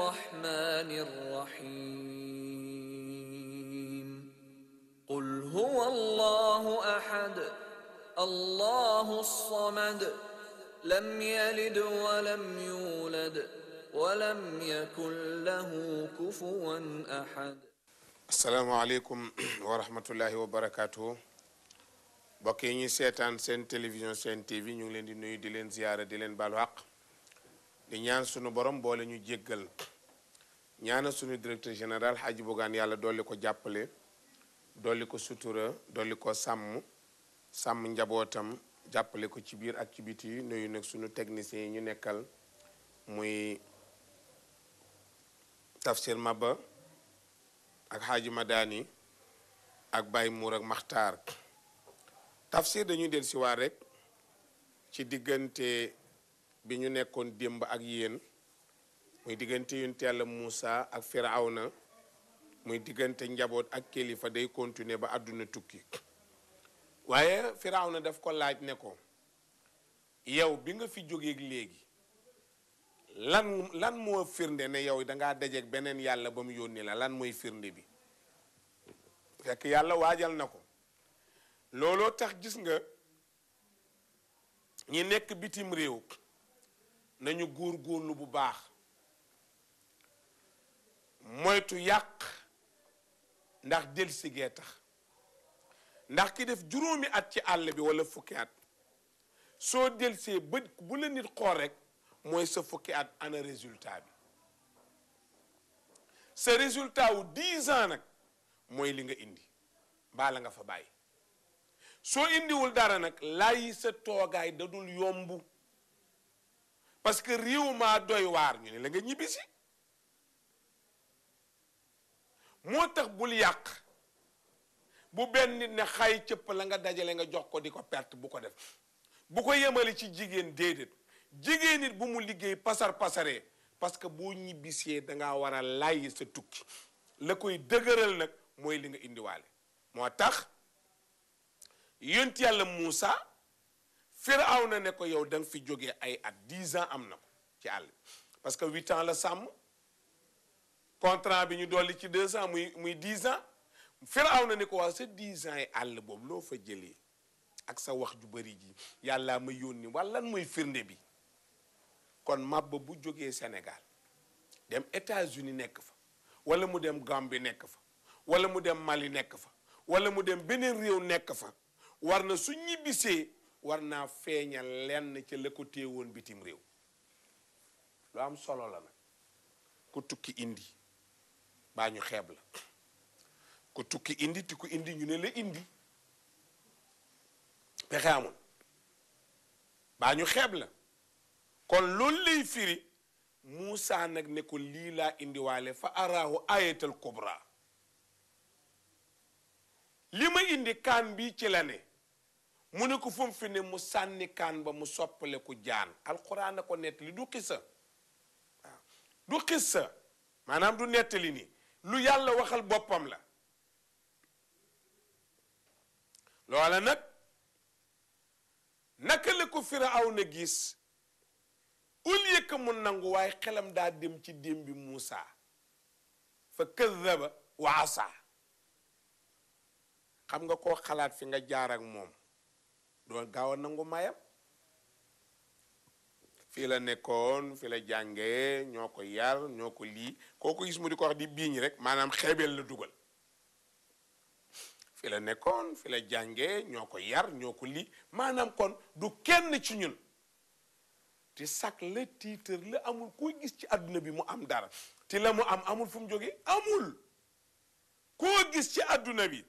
الرحمن الرحيم قل هو الله احد الله الصمد لم يلد ولم يولد ولم يكن له كفوا احد السلام عليكم ورحمه الله وبركاته mbokk yi ñuy seetaan seen télévision seen tv ñu نوي دي لين زياره دي لين ziyaara di ñaan sunu borom boole ñu jéggal ñaana sunu directeur général Hadji Bougane yàlla doole ko jàppale dolli ko sutura dolli ko sàmm sàmm njabootam jàppale ko ci biir ak ci biti yi nuyu sunu techniciens yi ñu nekkal muy Tafsir Maba ak Hadji Madani ak Baye muur ak Maxtaar Tafsir dañuy del si waat rek ci diggante bi ñu nekkoon démb ak yéen muy diggante yonent Yàlla Muusa ak na muy diggante njaboot ak kilifa day continuer ba àdduna tukki waaye na def ko laaj ne ko yow bi nga fi jógeeg léegi lan lan moo firnde ne yow danga dajeeg beneen yàlla ba mu yónni la lan mooy firnde bi fekk yàlla waajal na ko looloo tax gis nga ñi nekk bitim réew nañu góor góorlu bu baax moytu yàq ndax delsi gee tax ndax ki def juróomi at ci àll bi wala fukki at soo delsee ba bu la nit xool rek mooy sa fukki at ana résultat bi sa résultat wu dix ans nag mooy li nga indi baa la nga fa bàyyi soo indiwul dara nag lay sa toogaay da dul yomb parce que réew maa doy waar ñu ni la nga ñibbi moo tax bul yàq bu benn nit ne xay cëpp la nga dajale nga jox ko di ko perte bu ko def bu ko yemale ci jigéen déedéet jigéen nit bu mu liggéey pasar pasaree parce que boo ñibbisee danga war a lay sa tukki la koy dëgëral nag mooy li nga indiwaale moo tax yonent yàlla Muusa aw na ne ko yow da fi jóge ay at dix ans am na ko ci àll parce que huit ans la sàmm contrat bi ñu dolli ci deux ans muy muy dix ans firaw na ne ko waaw sa dix yi àll boobu loo fa jëlee ak sa wax ju bari ji yàlla ma yónni wala lan mooy firnde bi kon mabba bu jógee Sénégal dem États-Unis nekk fa wala mu dem Gambie nekk fa wala mu dem Mali nekk fa wala mu dem beneen réew nekk fa war na su ñibbisee war naa feeñal lenn ci la ko téewoon bitim réew lu am solo la ku tukki indi baa ñu xeeb ku tukki indi ti ku indi ñu ne la indi pexe amul baa ñu xeeb kon loolu lay firi Moussa nag ne ko lii laa indiwaale fa araahu ayatal kubra li ma indi kaam bi ci la ne mu ne ko fu mu fi ne mu sànni kaan ba mu soppale ku jaan alxuraan na ko nettali du xisa du xisa maanaam du nettali ni lu yàlla waxal boppam la loola nag naka la ko firaaw na gis ul yëkk mu nangu waaye xelam daa dem ci dém bi Muusa fa kadaba wa asa xam nga koo xalaat fi nga jaar moom doo gaaw a nangu maayam fii la nekkoon fii la jàngee ñoo ko yar ñoo ko lii kooku gis mu di ko wax di rek maanaam xeebeel la dugal fi la nekkoon fi la jàngee ñoo ko yar ñoo ko maanaam kon du kenn ci ñun te sac la tiitër la amul kuy gis ci àdduna bi mu am dara te la mu am amul fu mu jógee amul koo gis ci àdduna bi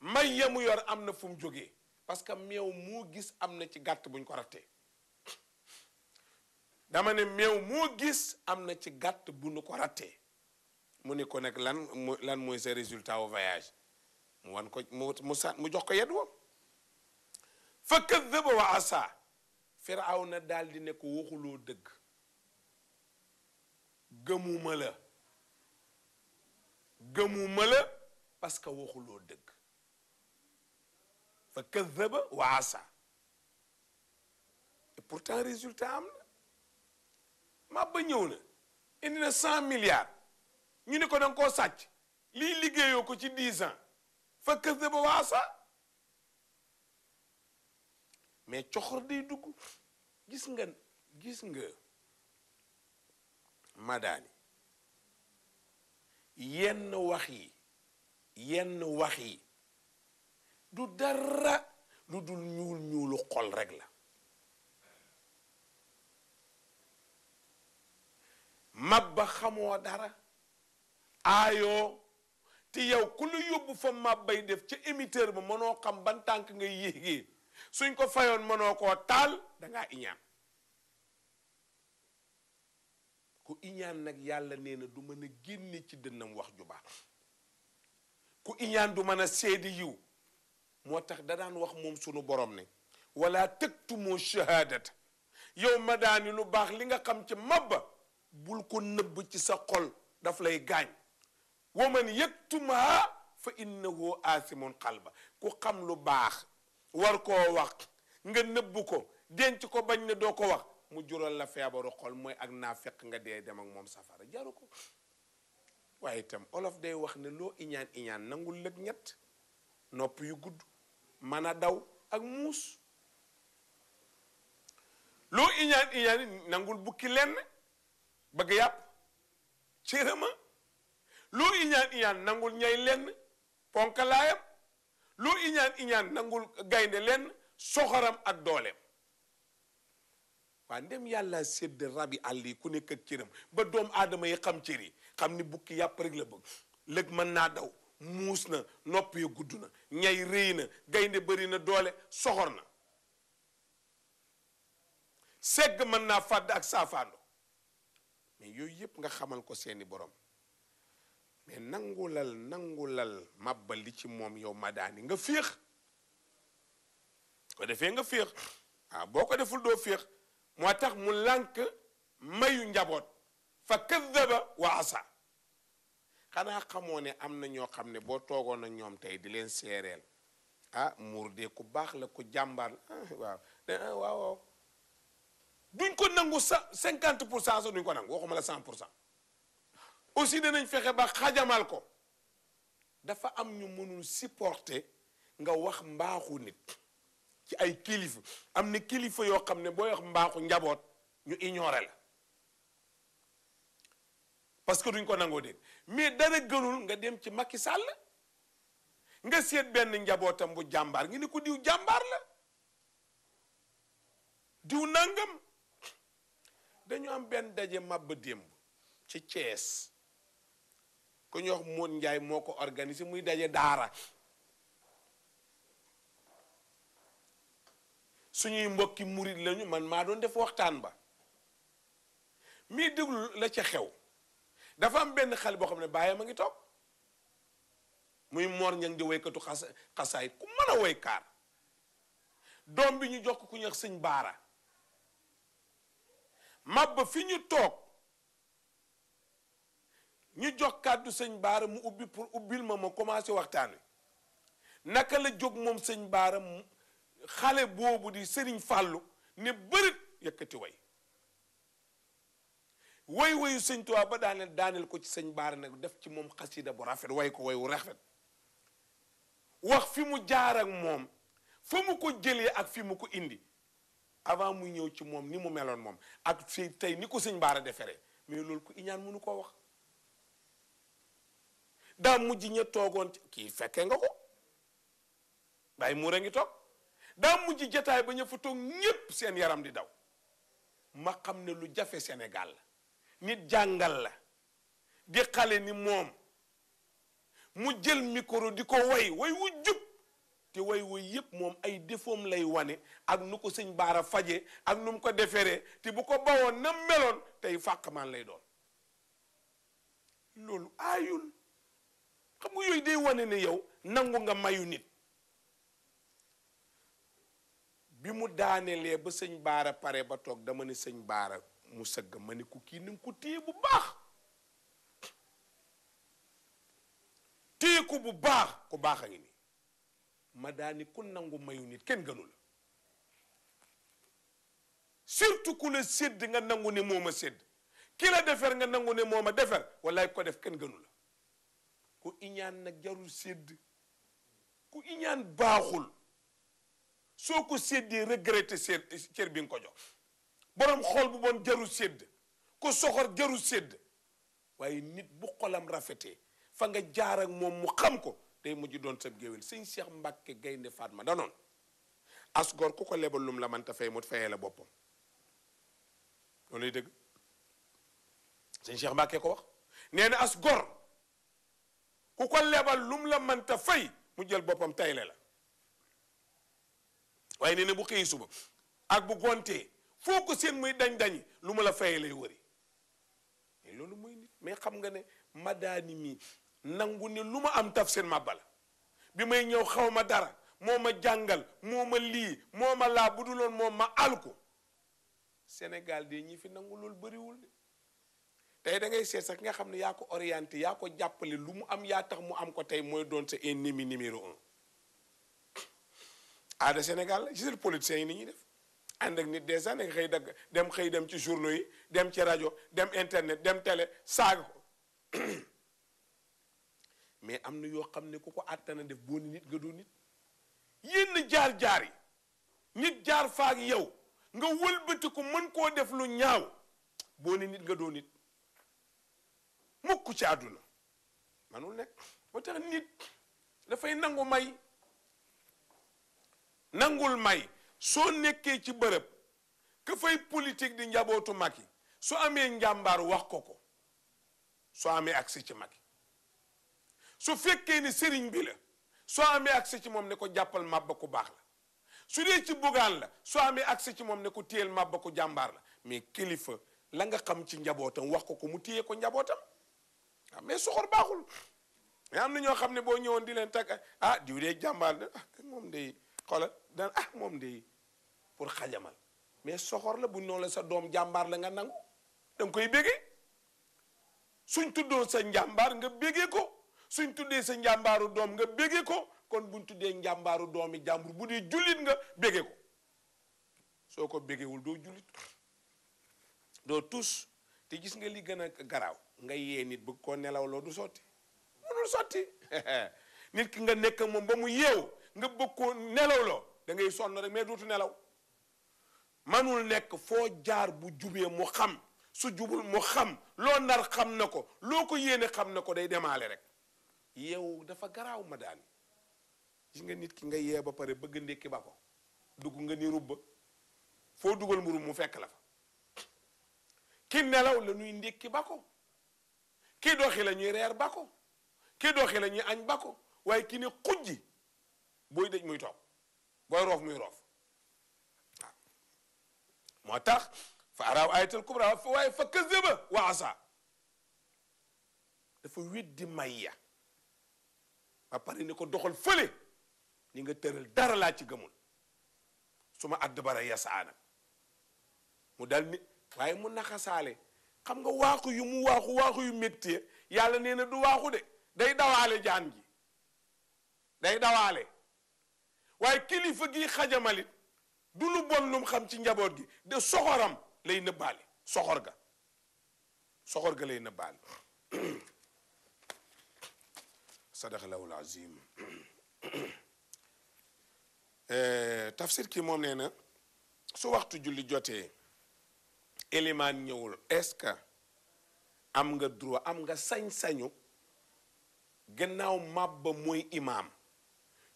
may ya mu yor am na fu mu jógee parce que meew moo gis am na ci gàtt buñ ko rattee dama ne meew moo gis am na ci gàtt bu nu ko rattee mu ne ko nag lan mu lan mooy sa résultat au voyage mu wan ko mu sa mu jox ko yedd woon fa kadaba wa asa firawna daal di ne ko waxuloo dëgg gëmuma la gëmuma la parce que waxuloo dëgg fa kadaba waasa asa et pourtant résultat am na Maba ñëw na indi na cent milliards ñu ne ko da koo sàcc lii liggéeyoo ko ci dix ans fa kadaba wa mais coxor day dugg gis nga gis nga madaani yenn wax yi yenn wax yi du dara lu dul ñuul ñuulu xol rekk la mabba xamoo dara aayoo te yow ku lu yóbbu fa mabbay def ci émetteur ba mënoo xam ban tànk ngay yéegee suñ ko fayoon mënoo koo taal dangaa iñaan ku iñaan nag yàlla nee na du mën a génne ci dënnam wax ju baax ku iñaan du mën a seedi yiw moo tax da daan wax moom sunu borom ne wala tëgtumoo shahaadata yow ma daani lu baax li nga xam ci ba bul ko nëbb ci sa xol daf lay gaañ wa man yëgtumaa fa innahu xal ba ku xam lu baax war koo wax nga nëbb ko denc ko bañ ne doo ko wax mu jural la feebaru xol mooy ak naa fekk nga dee dem ak moom safara jaru ko waaye itam olof day wax ne loo iñaan iñaan nangul lëg ñett nopp yu gudd mën a daw ak muus loo iñaan iñaan nangul bukki lenn bëgg yàpp cérama loo iñaan iñaan nangul ñay lenn ponkalaayam loo iñaan iñaan nangul gaynde lenn soxoram ak dooleem waa ndem yàlla sedd rabi àll yi ku nekk ak ba doom aadama yi xam cër yi xam ni bukki yàpp rek la bëgg lëg mën naa daw muus na nopp ya gudd na ñay rëy na gaynde bari na doole soxor na segg mën naa fàdd ak saafaando mais yooyu yépp nga xamal ko seeni borom mais nangulal nangulal màbbal li ci moom yow madaani nga féex ko defee nga féex waaw ah, boo ko deful doo féex moo tax mu lànk mayu njaboot fa kadaba wa asa xanaa xamoo ne am na ñoo xam ne boo toogoon ak ñoom tey di leen seereel ah muur de ku baax la ku jàmbaar ah, waaw ah, waaw waaw duñ ko nangu sa cinquante pour cent sax duñ ko nangu waxuma la cent pour cent aussi danañ fexe ba xajamal ko dafa am ñu mënul supporter nga wax mbaaxu nit ci ay kilif am na kilifa yoo xam ne boo wax mbaaxu njaboot ñu ignoré la parce que duñ ko nangoo dégg mais dara gënul nga dem ci Macky sàll nga seet benn njabootam bu jàmbaar ngi ne ko diw jàmbaar la diw nangam dañu am benn daje màbb démb ci Thiès ku ñuy wax Moon Njaay moo ko organisé muy daje daara suñuy mbokki murit lañu man maa doon def waxtaan ba mii déglu la ca xew dafa am benn xale boo xam ne baayam a ngi toog muy Mor ñang di woykatu xas xasaay ku mën a woy doom bi ñu jox ko ku ñuy wax sëñ baara fi ñu toog ñu jox kàddu sëñ baara mu ubbi pour ubbil ma ma commencé waxtaan wi naka la jóg moom sëñ baara xale boobu di sëriñ fàllu ne bërit yëkkati woy way wayu sëñ Tuubaa ba daaneel daaneel ko ci sëñ Baara nag def ci moom xasida bu rafet way ko way wu rafet wax fi mu jaar ak moom fa mu ko jëlee ak fi mu ko indi avant muy ñëw ci moom ni mu meloon moom ak fi tey ni ko sëñ Baara deferee mais loolu ko iñaan mënu koo wax daa mujj ña toogoon ci kii fekkee nga ko bàyyi muur a ngi toog daa mujj jataay ba ña fa toog ñépp seen yaram di daw ma xam ne lu jafe senegal la nit jàngal la di xale ni moom mu jël mikoro di ko way way wu jub te way way yëpp moom ay defoom lay wane ak nu ko sëñ baara faje ak nu mu ko deferee te bu ko bawoon na meloon tey fàqmaan lay doon loolu aayul xam nga yooyu day wane ne yow nangu nga mayu nit bi mu daanelee ba sëñ baara pare ba toog dama ne sëñ baara mu sëgg ma ne ku kii ni nga ko téye bu baax téye ko bu baax ku baaxa a ngi nii ma daani ku nangu mayu nit kenn gënu la surtout ku la sédd nga nangu ne mooma sédd sedd kila defer nga nangu ne mooma defer wallaay ko def kenn gënu la ku iñaan nag jarul sedd ku iñaan baaxul soo ko séddee regretté cër bi nga ko jox borom xol bu bon jaru sedd ku soxor jaru sedd waaye nit bu xolam rafetee fa nga jaar moom mu xam ko day mujj doon sab géwél sëñ Seex Mbàkke Gaynde Fatma danoon asgor ku ko lebal lum la manta fay mu fayee la boppam loolu lay dëgg sëñ Seex Mbàkke ko wax ku ko lebal lum la manta fay mu jël boppam tayle la waaye nee na bu xëyee suba ak bu gontee foo ko seen muy dañ dañ lu ma la fayee lay wëri loolu mooy nit mais xam nga ne madaani mii nangu ne lu ma am taf seen ma bala bi may ñëw xaw ma dara moo ma jàngal moo ma lii moo ma laa bu duloon moom ma alko ko Sénégal de ñi fi nangu loolu bëriwul de tey da ngay seet sax nga xam ne yaa ko orienté yaa ko jàppale lu mu am yaa tax mu am ko tey mooy doon sa ennemi numéro un aada Sénégal la gisal politiciens yi ni ñuy def ànd ak nit des années nga xëy dagg dem xëy dem ci journaux yi dem ci rajo dem internet dem télé saaga ko mais am na yoo xam ne ku ko attana def boo nit nga doon nit yenn jaar-jaar yi nit jaar faak yow nga wëlbati ko mën koo def lu ñaaw boo nit nga doon nit mukk ci àdduna manul nekk moo tax nit dafay nangu may nangul may soo nekkee ci bërëb ka fay politique di njabootu Macky su amee njàmbaar wax ko ko soo amee accès ci Macky su fekkee ni sëriñ bi soo amee accès ci moom ne ko jàppal màbba ku baax la su ci bugaan la soo amee accès moom ne ko téyel màbba jàmbaar la mais kilifa la nga xam ci njabootam wax ko ko mu téye ko njabootam ah mais soxor baaxul mais am na ñoo xam ne boo ñëwoon di leen tag ah diw dee jàmbaar la ah, moom day xoolal dan ah mom de pour xajamal mais soxor la buñ non la sa dom jambar la nga nangu dang koy bégé suñ tuddo sa jambar nga bégé ko suñ tuddé sa jambaru dom nga bégé ko kon buñ tuddé jambaru domi jambur budi julit nga bégé ko soko ko wul do julit do tus te gis nga li gëna a nga yé nit ko nelaw lo du soti mënul soti nit ki nga nek mom ba mu yew nga bëgg koo nelaw loo da ngay sonn rek mais dootu nelaw manul nekk foo jaar bu jubee mu xam su jubul mu xam loo nar xam na ko loo ko yéene xam na ko day demaale rek yeewu dafa garaaw ma daan gis nga nit ki nga yee ba pare bëgg ndékki ba ko dugg nga ni rubba foo dugal mburu mu fekk la fa ki nelaw la ñuy ndékki ba ko ki doxi la ñuy reer ba ko ki doxi la añ ba ko waaye ki ne xujji booy dëj muy toog booy roof muy roof moo tax fa araaw ayatal kubra waaye fa kazaba wa asa dafa weddi may ya ba pare ko doxal fële ni nga tëral dara laa ci gëmul su ma àdd bara yasaana mu dal ni waaye mu naxasaale xam nga waaxu yu mu waaxu waaxu yu métti yàlla nee na du waaxu de day dawaale jaan gi day dawaale waaye kilifa gi xajamalit du lu bon lum xam ci njaboot gi de soxoram lay nëbbaale soxor ga soxor ga lay nëbbaale sadaqallahul azim eh, tafsir ki moom nee na su waxtu julli jotee élimaan ñëwul est-ce am nga droit am nga sañ-sañu gannaaw màbba mooy imaam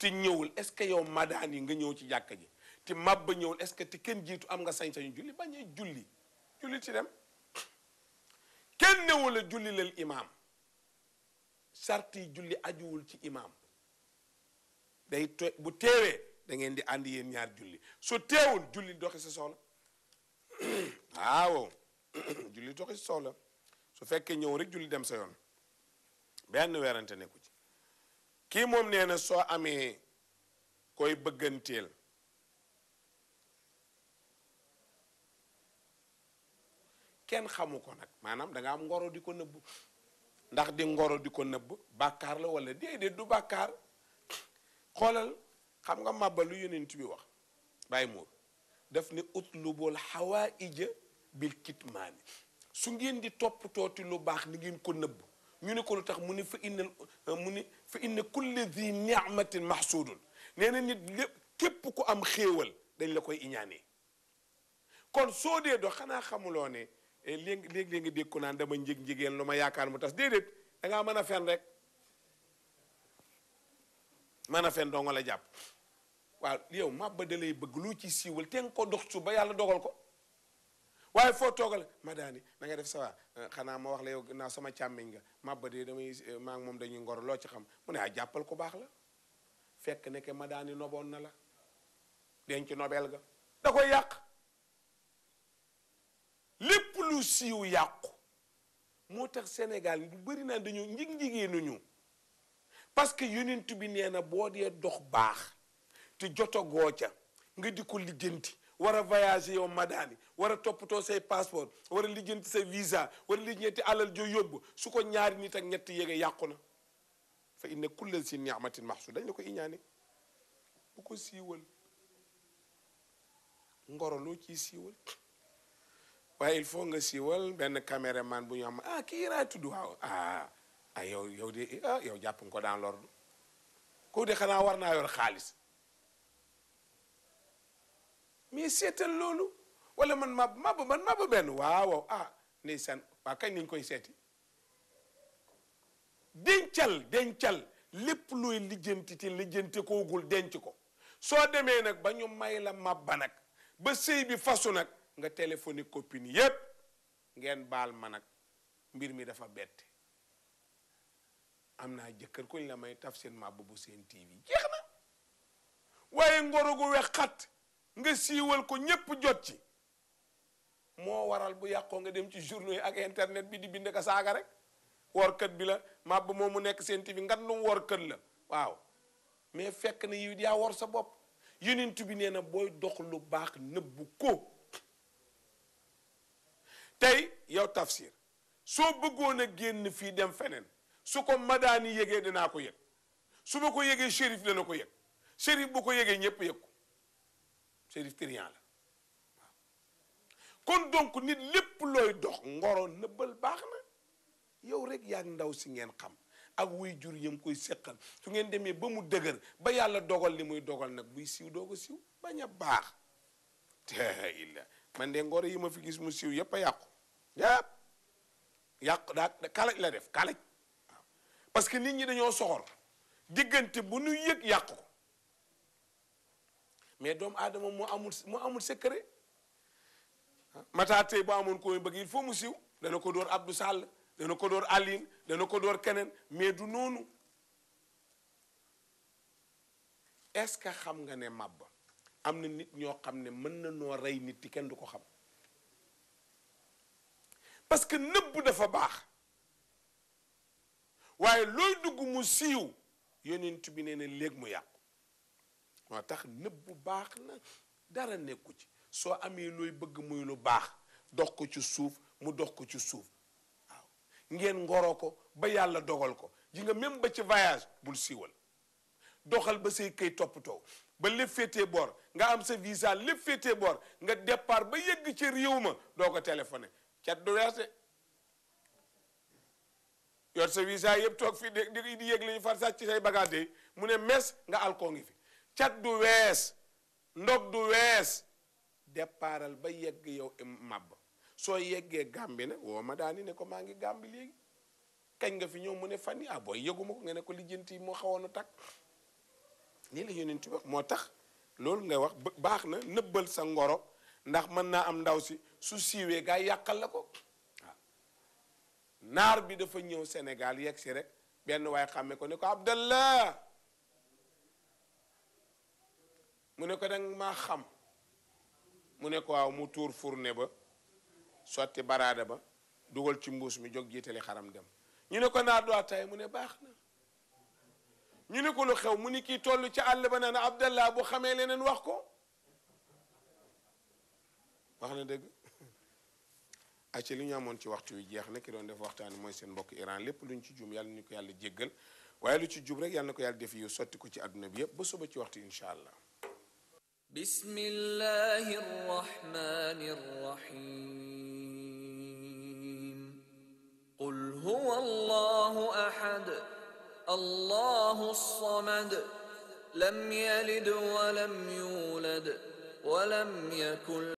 te ñëwul est-ce que yow madaan yi nga ñëw ci jàkka ji te mabba ñëwul est-ce que te kenn jiitu am nga sañ-sañu julli bañee julli julli ci dem kenn newul a julli lal imaam sarti julli ajuwul ci imaam day to bu teewee da ngeen di ànd yéen ñaar julli su teewul julli doxi sa soxla waaw julli doxi sa su fekkee ñëw julli dem sa yoon benn weerante nekku ci kii moom nee na soo amee koy bëgganteel kenn xamu ko nag maanaam danga am ngoro di ko nëbb ndax di ngoro di ko nëbb bàkkaar la wala déedéet du bàkkaar xoolal xam nga màbba lu yonent bi wax bàyyi muur daf ne utlubul xawaa ija bil kitmaani su ngeen di topptooti lu baax ni ngeen ko nëbb ñu ne ko lu tax mu ne fa inna mu ne fa inna kulli di niamatin maxsuudun nee nit képp ku am xéewal dañ la koy iñaanee kon soo dee do xanaa xamuloo ne léegi léegi nga dégg naan dama njëg njigéen lu ma yaakaar mu tas déedéet da ngaa mën a fen rek mën a fen doo nga la jàpp waaw yow màbba da lay bëgg lu ci siiwal te ko dox su ba yàlla dogal ko waaye foo toogal ma daani na nga def sa eh, xanaa ma wax la yow naa sama càmmiñ nga mabba de damay eh, maa ngi moom dañuy ngoro loo ci xam mu ne a ah, jàppal ko baax la fekk nekke ma daani noboon na la denc nobel ga da yàq lépp lu siiw yàqu moo tax Sénégal bu bëri naan dañu njig njigee nuñu parce que yonent bi nee na boo dee dox baax te jotogoo ca nga di ko lijjanti war a voyager yow ma war a toppatoo say passeport war a lijjanti sa visa war a lijjanti alal joo yóbbu su ko ñaari nit ak ñetti yéege yàqu na fa inna kullal si niamatin maxsu dañ la ko iñaane bu ko siiwal ngoro loo ciy siiwal waaye il faut nga siiwal benn caméraman bu ñu am ah kii tudd waaw ah ah yow yow de ah yow jàpp nga ko dans l'ordre koo de xanaa war naa yor xaalis mais seetal loolu wala man mab mab man mab benn waaw ah ndeysaan waa kañ nañ koy seeti dencal dencal lépp luy lijjanti ci lijjantikoogul denc ko soo demee nag ba ñu may la mabba nag ba sëy bi fasu nag nga téléphoné copine yépp ngeen baal ma nag mbir mi dafa bette am naa jëkkër kuñ la may taf seen màbb bu seen TV jeex na waaye ngoro gu wex nga siiwal ko ñépp jot ci moo waral bu yàqoo nga dem ci journaux yi ak internet bi di bind ka saaga rek workat bi la màbb moo mu nekk seen TV ngan lum workat la waaw mais fekk na yow yaa wor sa bopp yonent bi nee na booy dox lu baax nëbbu ko tey yow tafsir soo bëggoon a génn fii dem feneen su ko madaani yëgee dinaa ko yëg su ma ko yëgee shérif na ko yëg shérif bu ko yëgee ñëpp yëg ko shérif trian la kon donc nit lépp looy dox ngoro nëbbal baax na yow rek yaa ndaw si ngeen xam ak wuy jur yam koy séqal su ngeen demee ba mu dëgër ba yàlla dogal li muy dogal nag buy siiw doog a siiw bañ a baax te illa man de ngoro yi ma fi gis mu siiw yépp a yàqu yépp yàqu daa kalaj la def kalaj parce que nit ñi dañoo soxor diggante bu nu yëg yàqu ko mais doomu aadama moo amul moo amul secret Matar tey bu amoon ko bëgg il faut mu siw dana ko door Abdou sàll dana ko door Aline dana ko door keneen mais du noonu est-ce que xam nga ne màbb am na nit ñoo xam ne mën na noo rey nit ti kenn du ko xam parce que nëbb dafa baax waaye looy dugg mu siiw yonent bi nee na léeg mu yàqu moo tax nëbb baax na dara nekku ci soo amee looy bëgg muy lu baax dox ko ci suuf mu dox ko ci suuf waaw ngeen ngoroo ko ba yàlla dogal ko ji nga même ba ci voyage bul siiwal doxal ba say këy toppatoo ba lépp féetee boor nga am sa visa lépp féetee boor nga départ ba yëgg ci réew ma doo ko téléphoné cat du weerte yor sa visa yëpp toog fii di di yëg la far sàcc ci say bagage mu ne mes nga alkoo ngi fi cat du wees ndog du wees départal ba yegg yow màbb soo yeggee gàmbi na woo ma daani ne ko maa ngi gàmbi léegi kañ nga fi ñëw mu ne fan yi ah booy ko nga ne ko lijjanti moo xawoon a takk lii la yonent wax moo tax loolu ngay wax baax na nëbbal sa ngoro ndax mën naa am ndaw si su siiwee gaa yàqal la ko naar bi dafa ñëw Sénégal yegg si rek benn waaye xàmme ko ne ko Abdallah mu ne ko danga maa xam mu ne ko waaw mu tour fourne ba soti barada ba dugal ci mbous mi jóg jiitali xaram dem ñu ne ko na do tay mu ne baax ñu ne ko lu xew mu ni kii toll ci àll ba nana abdallah bu xamé lenen wax ko waxna deug dëgg acca li ñu amon ci waxtu yu jeex na ki doon def waxtaan moy seen mbokk Iran lépp luñ ci jum yàlla ñu ko yàlla jéggal waye lu ci jub rek yàlla nako yàlla def yu soti ko ci aduna bi yëpp ba suba ci waxtu inshallah بسم الله الرحمن الرحيم قل هو الله احد الله الصمد لم يلد ولم يولد ولم يكن